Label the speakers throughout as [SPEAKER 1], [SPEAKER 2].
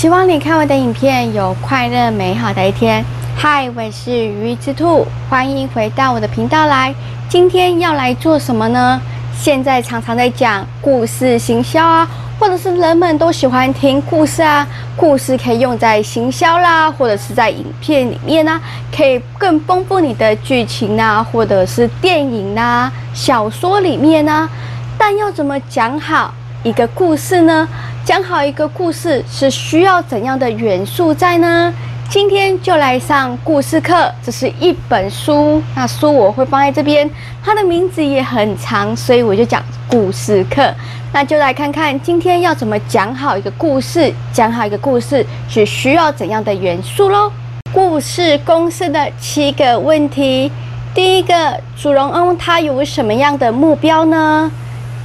[SPEAKER 1] 希望你看我的影片有快樂美好的一天。Hi，我是羽翼之兔，歡迎回到我的頻道來。今天要來做什麼呢？現在常常在講故事行銷啊，或者是人們都喜歡聽故事啊。故事可以用在行銷啦，或者是在影片裡面啊，可以更豐富你的劇情啊，或者是電影啊、小說裡面啊。但要怎麼講好一個故事呢？講好一個故事是需要怎樣的元素在呢？今天就來上故事課。這是一本書，那書我會放在這邊。它的名字也很長，所以我就講故事課。那就來看看今天要怎麼講好一個故事。講好一個故事是需要怎樣的元素嘍？故事公式的七個問題。第一個，主人翁他有什麼樣的目標呢？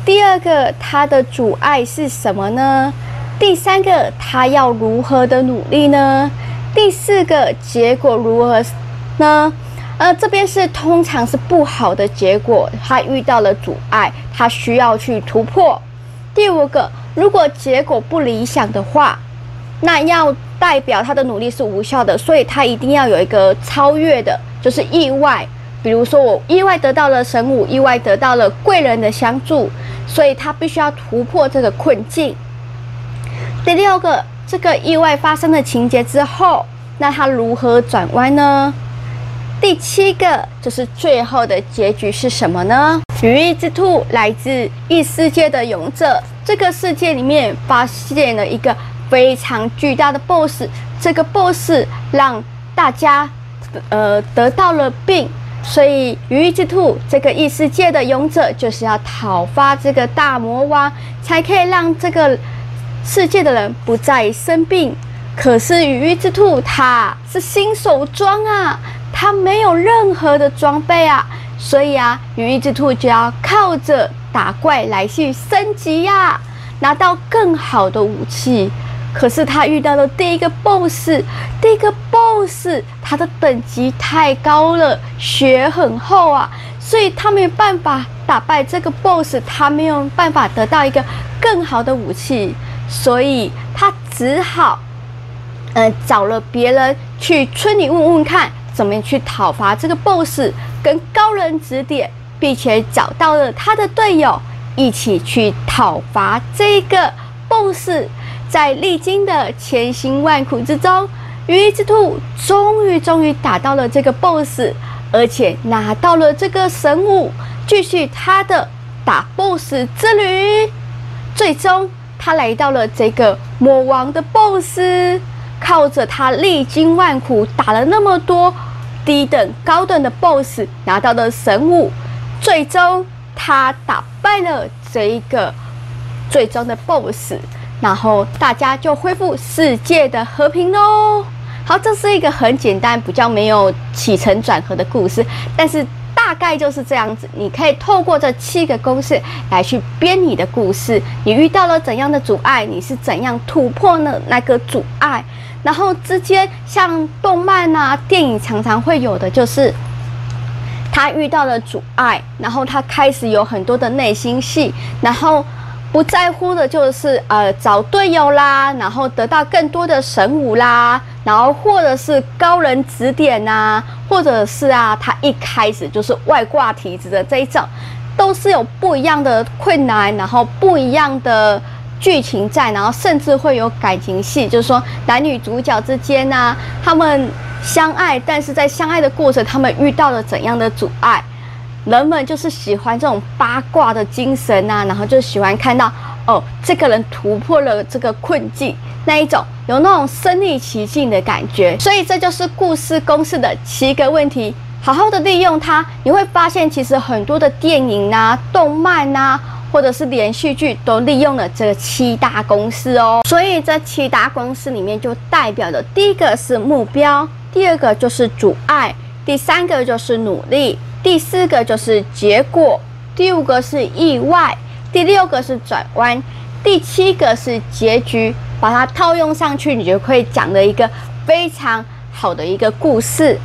[SPEAKER 1] 第二個，他的阻礙是什麼呢？第三個，他要如何的努力呢？第四個，結果如何呢？呃，這邊是通常是不好的結果，他遇到了阻礙，他需要去突破。第五個，如果結果不理想的話，那要代表他的努力是無效的，所以他一定要有一個超越的，就是意外。比如說，我意外得到了神武，意外得到了貴人的相助。所以他必須要突破這個困境。第六個，這個意外發生的情節之後，那他如何轉彎呢？第七個，就是最後的結局是什麼呢？羽翼之兔來自異世界的勇者，這個世界裡面發現了一個非常巨大的 BOSS，這個 BOSS 讓大家呃得到了病。所以，愚翼之兔這個異世界的勇者，就是要討伐這個大魔蛙，才可以讓這個世界的人不再生病。可是，愚翼之兔它是新手裝啊，它沒有任何的裝備啊，所以啊，愚翼之兔就要靠着打怪來去升級呀、啊，拿到更好的武器。可是他遇到了第一個 boss，第一個 boss，他的等級太高了，血很厚啊，所以他沒有辦法打敗這個 boss，他沒有辦法得到一個更好的武器，所以他只好，呃，找了別人去村裡問問看怎麼樣去討伐這個 boss，跟高人指點，並且找到了他的隊友一起去討伐這個 boss。在歷經的千辛萬苦之中，羽翼之兔終於終於打到了這個 BOSS，而且拿到了這個神武，繼續他的打 BOSS 之旅。最終，他來到了這個魔王的 BOSS，靠着他歷經萬苦打了那麼多低等、高等的 BOSS，拿到了神武，最終他打敗了這一個最終的 BOSS。然後大家就恢復世界的和平嘍。好，這是一個很簡單、比較沒有起承轉合的故事，但是大概就是這樣子。你可以透過這七個公式來去編你的故事。你遇到了怎樣的阻礙？你是怎樣突破呢？那個阻礙，然後之間像動漫啊、電影常常會有的，就是他遇到了阻礙，然後他開始有很多的內心戲，然後。不在乎的就是呃找隊友啦，然後得到更多的神武啦，然後或者是高人指點吶、啊，或者是啊他一開始就是外掛體質的這一種，都是有不一樣的困難，然後不一樣的劇情在，然後甚至會有感情戲，就是說男女主角之間吶、啊，他們相愛，但是在相愛的過程，他們遇到了怎樣的阻礙？人們就是喜歡這種八卦的精神吶、啊，然後就喜歡看到哦，這個人突破了這個困境，那一種有那種身臨其境的感覺。所以這就是故事公式的七個問題，好好的利用它，你會發現其實很多的電影啊、動漫啊，或者是連續劇都利用了這七大公式哦。所以這七大公式裡面就代表的第一個是目標，第二個就是阻礙，第三個就是努力。第四個就是結果，第五個是意外，第六個是轉彎，第七個是結局。把它套用上去，你就可以講的一個非常好的一個故事。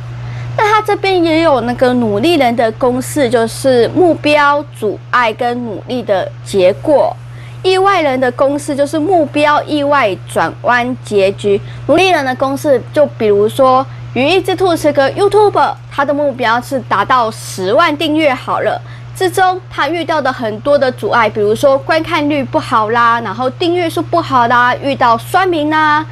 [SPEAKER 1] 那他這邊也有那個努力人的公式，就是目標、阻礙跟努力的結果；意外人的公式就是目標、意外、轉彎、結局；努力人的公式就比如說。羽翼之兔是個 YouTuber，他的目標是達到十萬訂閱。好了，之中他遇到的很多的阻礙，比如說觀看率不好啦，然後訂閱數不好啦，遇到酸民啦，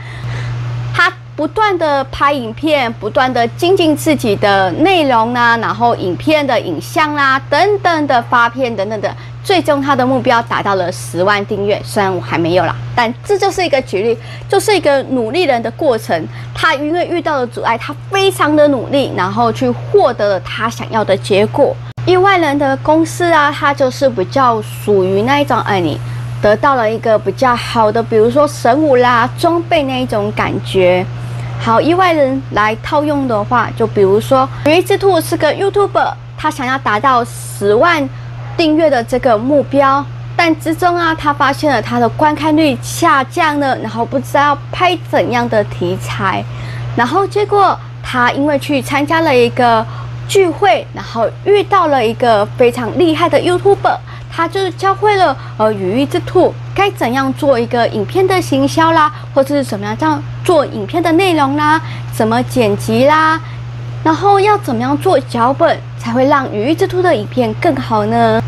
[SPEAKER 1] 他不斷的拍影片，不斷的精進自己的內容啦，然後影片的影像啦等等的發片等等的。最終，他的目標達到了十萬訂閱。雖然我還沒有啦，但這就是一個舉例，就是一個努力人的過程。他因為遇到了阻礙，他非常的努力，然後去獲得了他想要的結果。意外人的公式啊，他就是比較屬於那一種，而你得到了一個比較好的，比如說神武啦、裝備那一種感覺。好，意外人來套用的話，就比如說羽翼之兔是個 YouTuber，他想要達到十萬。訂閱的這個目標，但之中啊，他發現了他的觀看率下降了，然後不知道拍怎樣的題材，然後結果他因為去參加了一個聚會，然後遇到了一個非常厲害的 YouTuber，他就教會了呃羽翼之兔該怎樣做一個影片的行銷啦，或者是怎麼樣做影片的內容啦，怎麼剪輯啦。然後要怎麼樣做腳本才會讓羽翼之兔的影片更好呢？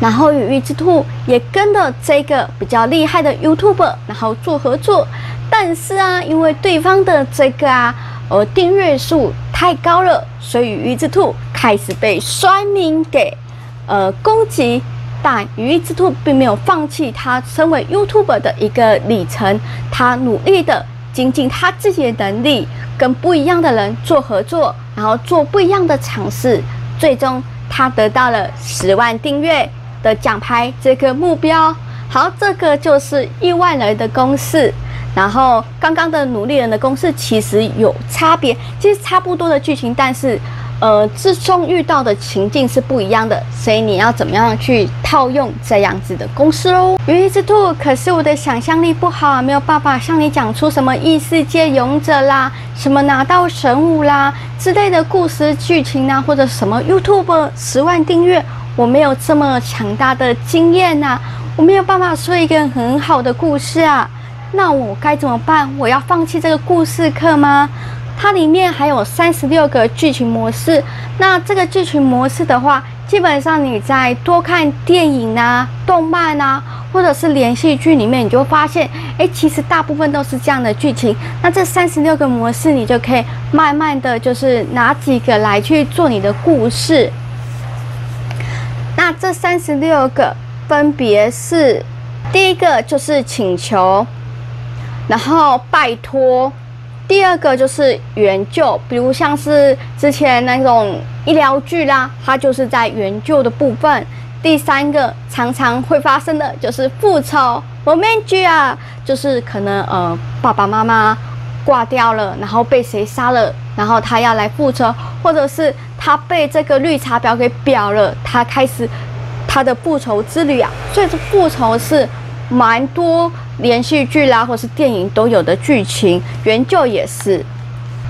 [SPEAKER 1] 然後羽翼之兔也跟着這個比較厲害的 YouTuber，然後做合作。但是啊，因為對方的這個啊，呃，訂閱數太高了，所以羽翼之兔開始被酸民給，呃，攻擊。但羽翼之兔並沒有放棄，他身為 YouTuber 的一個里程。他努力的精進他自己的能力，跟不一樣的人做合作。然後做不一樣的嘗試，最終他得到了十萬訂閱的獎牌。這個目標好，這個就是意外人的公式。然後剛剛的努力人的公式其實有差別，其實差不多的劇情，但是，呃，之中遇到的情境是不一樣的，所以你要怎麼樣去套用這樣子的公式哦？羽翼之兔，可是我的想象力不好啊，沒有辦法向你講出什麼異世界勇者啦，什麼拿到神武啦之類的故事劇情啊，或者什麼 YouTube 十萬訂閱，我沒有這麼強大的經驗吶、啊，我沒有辦法說一個很好的故事啊，那我該怎麼辦？我要放棄這個故事課嗎？它裡面還有三十六個劇情模式。那這個劇情模式的話，基本上你在多看電影啊、動漫啊，或者是連續劇裡面，你就會發現，哎、欸，其實大部分都是這樣的劇情。那這三十六個模式，你就可以慢慢的，就是拿幾個來去做你的故事。那這三十六個分別是，第一個就是請求，然後拜托。第二個就是援救，比如像是之前那種醫療劇啦，它就是在援救的部分。第三個常常會發生的就是復仇我們劇啊，就是可能呃爸爸媽媽掛掉了，然後被誰殺了，然後他要來復仇，或者是他被這個綠茶婊給婊了，他開始他的復仇之旅啊。所以這復仇是蠻多連續劇啦，或者是電影都有的劇情，原著也是。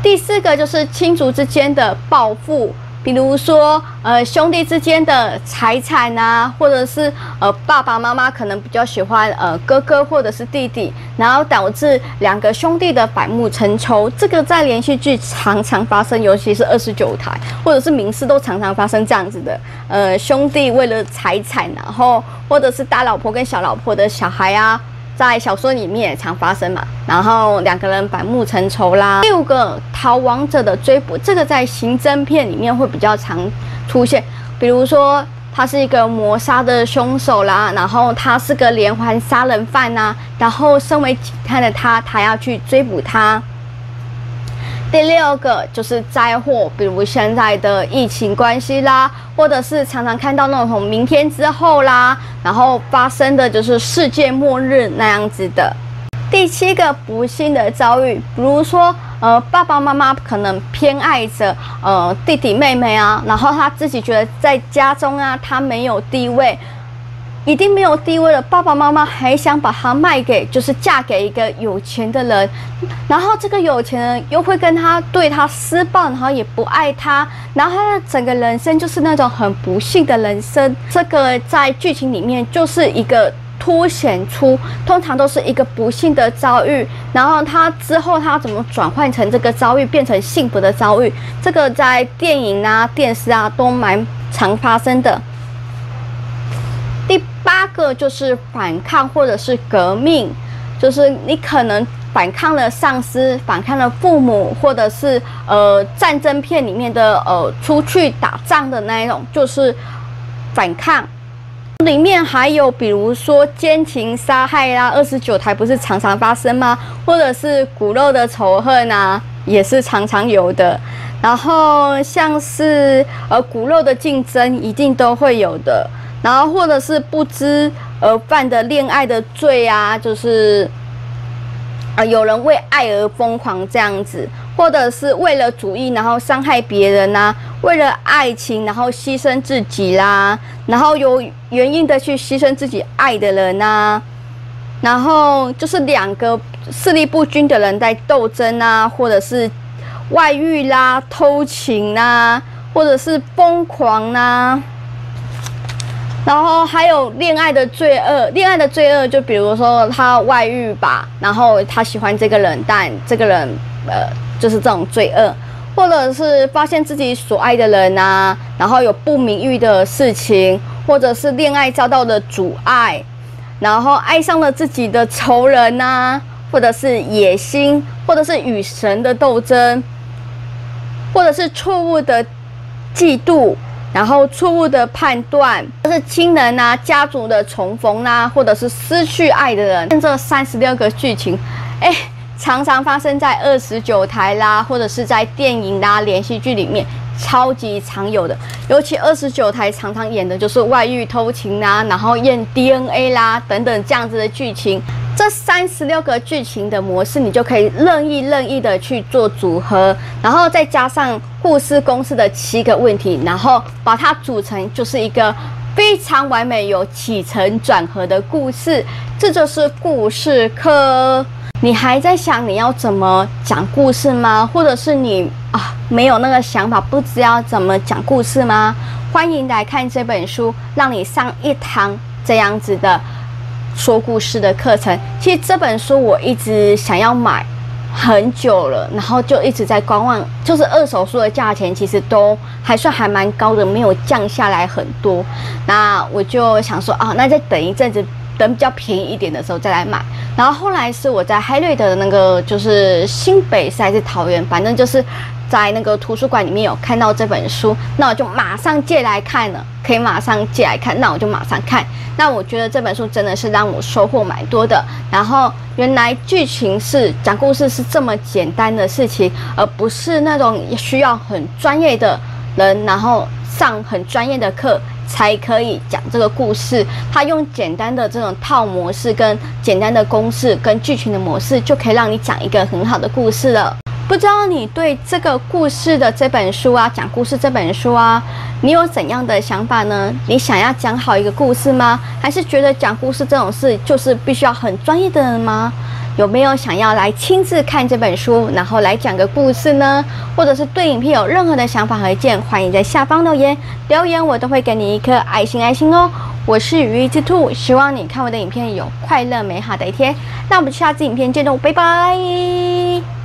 [SPEAKER 1] 第四個就是親族之間的報復，比如說呃兄弟之間的財產啊，或者是呃爸爸媽媽可能比較喜歡呃哥哥或者是弟弟，然後導致兩個兄弟的反目成仇。這個在連續劇常常發生，尤其是二十九台或者是民視都常常發生這樣子的。呃，兄弟為了財產，然後或者是大老婆跟小老婆的小孩啊。在小說裡面也常發生嘛，然後兩個人反目成仇啦。第六個逃亡者的追捕，這個在刑偵片裡面會比較常出現，比如說他是一個謀殺的兇手啦，然後他是個連環殺人犯吶、啊，然後身為警探的他，他要去追捕他。第六個就是災禍，比如現在的疫情關係啦，或者是常常看到那種從明天之後啦，然後發生的就是世界末日那樣子的。第七個不幸的遭遇，比如說呃爸爸媽媽可能偏愛着呃弟弟妹妹啊，然後他自己覺得在家中啊，他沒有地位。已經沒有地位了，爸爸媽媽還想把她賣給，就是嫁給一個有錢的人，然後這個有錢人又會跟他對他施暴，然後也不愛他，然後他的整個人生就是那種很不幸的人生。這個在劇情裡面就是一個凸顯出，通常都是一個不幸的遭遇，然後他之後他怎麼轉換成這個遭遇變成幸福的遭遇，這個在電影啊、電視啊都蠻常發生的。第二個就是反抗或者是革命，就是你可能反抗了上司，反抗了父母，或者是呃戰爭片裡面的呃出去打仗的那一種，就是反抗。裡面還有比如說姦情殺害啦、啊，二十九台不是常常發生嗎？或者是骨肉的仇恨啊，也是常常有的。然後像是呃骨肉的競爭，一定都會有的。然後，或者是不知而犯的戀愛的罪啊，就是，啊、呃，有人為愛而瘋狂這樣子，或者是為了主義然後傷害別人吶、啊，為了愛情然後犧牲自己啦、啊，然後有原因的去犧牲自己愛的人吶、啊，然後就是兩個勢力不均的人在鬥爭啊，或者是外遇啦、啊、偷情啦、啊，或者是瘋狂啊然後還有戀愛的罪惡，戀愛的罪惡就比如說他外遇吧，然後他喜歡這個人，但這個人呃就是這種罪惡，或者是發現自己所愛的人啊，然後有不名譽的事情，或者是戀愛遭到的阻礙，然後愛上了自己的仇人吶、啊，或者是野心，或者是與神的鬥爭，或者是錯誤的嫉妒。然後錯誤的判斷，就是親人吶、啊、家族的重逢啦、啊，或者是失去愛的人，像這三十六個劇情，哎，常常發生在二十九台啦，或者是在電影啦、連續劇裡面，超級常有的。尤其二十九台常常演的就是外遇、偷情啊，然後驗 DNA 啦等等，這樣子的劇情。這三十六個劇情的模式，你就可以任意任意的去做組合，然後再加上故事公式的七個問題，然後把它組成就是一個非常完美有起承轉合的故事。這就是故事課。你還在想你要怎麼講故事嗎？或者是你啊沒有那個想法，不知道怎麼講故事嗎？歡迎來看這本書，讓你上一堂這樣子的。說故事的課程，其實這本書我一直想要買很久了，然後就一直在觀望，就是二手書的價錢其實都還算還蠻高的，沒有降下來很多。那我就想說啊，那再等一陣子，等比較便宜一點的時候再來買。然後後來是我在海瑞德的那個，就是新北市還是桃園，反正就是。在那個圖書館裡面有看到這本書，那我就馬上借來看了。可以馬上借來看，那我就馬上看。那我覺得這本書真的是讓我收穫蠻多的。然後原來劇情是講故事是這麼簡單的事情，而不是那種需要很專業的人，然後上很專業的課才可以講這個故事。他用簡單的這種套模式，跟簡單的公式，跟劇情的模式，就可以讓你講一個很好的故事了。不知道你對這個故事的這本書啊，講故事這本書啊，你有怎樣的想法呢？你想要講好一個故事嗎？還是覺得講故事這種事就是必須要很專業的人嗎？有沒有想要來親自看這本書，然後來講個故事呢？或者是對影片有任何的想法和意見，歡迎在下方留言，留言我都會給你一顆愛心，愛心哦。我是羽翼之兔，希望你看我的影片有快樂美好的一天。那我們下次影片見，嘍，拜拜。